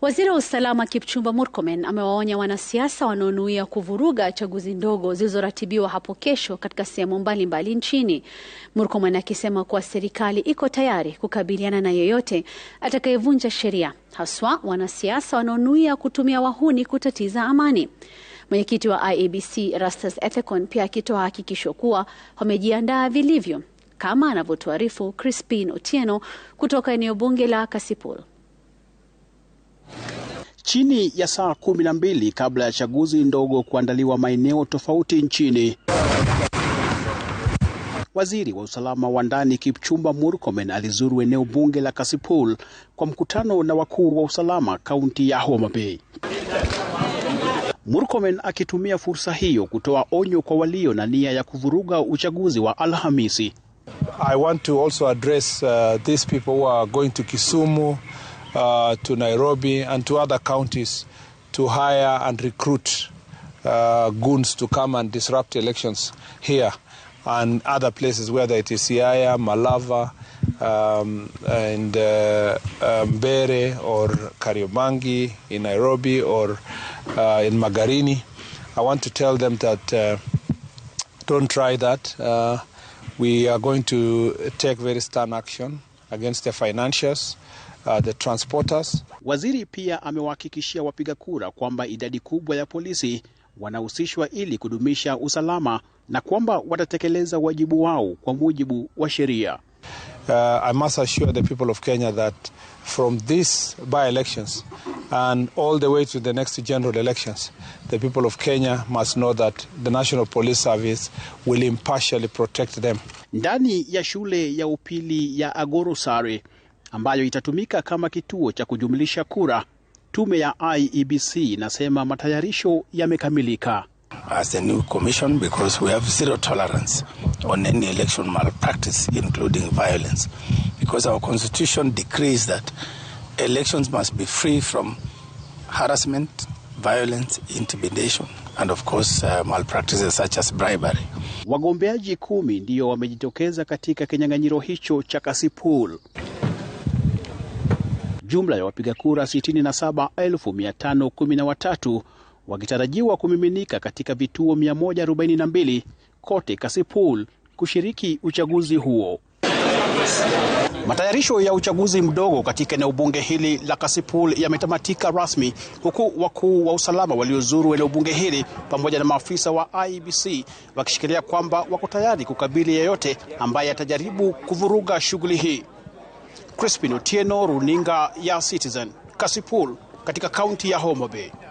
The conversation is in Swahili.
Waziri wa usalama Kipchumba Murkomen amewaonya wanasiasa wanaonuia kuvuruga chaguzi ndogo zilizoratibiwa hapo kesho katika sehemu mbalimbali nchini. Murkomen akisema kuwa serikali iko tayari kukabiliana na yeyote atakayevunja sheria, haswa wanasiasa wanaonuia kutumia wahuni kutatiza amani. Mwenyekiti wa IEBC Rastus Ethekon pia akitoa hakikisho kuwa wamejiandaa vilivyo, kama anavyotuarifu Crispin Otieno kutoka eneo bunge la Kasipul chini ya saa kumi na mbili kabla ya chaguzi ndogo kuandaliwa maeneo tofauti nchini. Waziri wa usalama wa ndani Kipchumba Murkomen alizuru eneo bunge la Kasipul kwa mkutano na wakuu wa usalama kaunti ya Homa Bay. Murkomen akitumia fursa hiyo kutoa onyo kwa walio na nia ya kuvuruga uchaguzi wa Alhamisi. I want to also address uh, these people who are going to Kisumu uh, to Nairobi and to other counties to hire and recruit uh, goons to come and disrupt elections here and other places, whether it is Siaya, Malava, um, and uh, um, or Kariobangi in Nairobi or uh, in Magarini. I want to tell them that uh, don't try that. Uh, we are going to take very stern action. against the financiers, uh, the transporters. Waziri pia amewahakikishia wapiga kura kwamba idadi kubwa ya polisi wanahusishwa ili kudumisha usalama na kwamba watatekeleza wajibu wao kwa mujibu wa sheria. Uh, I must assure the people of Kenya that from these by-elections and all the way to the next general elections, the people of Kenya must know that the National Police Service will impartially protect them. Ndani ya shule ya upili ya Agoro Sare ambayo itatumika kama kituo cha kujumlisha kura, tume ya IEBC inasema matayarisho yamekamilika as a new commission because we have zero tolerance on any election malpractice, including violence, because our constitution decrees that elections must be free from harassment, violence, intimidation, and of course uh, malpractices such as bribery. Wagombeaji kumi ndio wamejitokeza katika kinyang'anyiro hicho cha Kasipul. Jumla ya wapiga kura 67,513 wakitarajiwa kumiminika katika vituo 142 kote Kasipul kushiriki uchaguzi huo. Matayarisho ya uchaguzi mdogo katika eneo bunge hili la Kasipul yametamatika rasmi, huku wakuu wa usalama waliozuru eneo bunge hili pamoja na maafisa wa ibc wakishikilia kwamba wako tayari kukabili yeyote ambaye atajaribu kuvuruga shughuli hii. Crispin Otieno, runinga ya Citizen, Kasipul katika kaunti ya Homa Bay.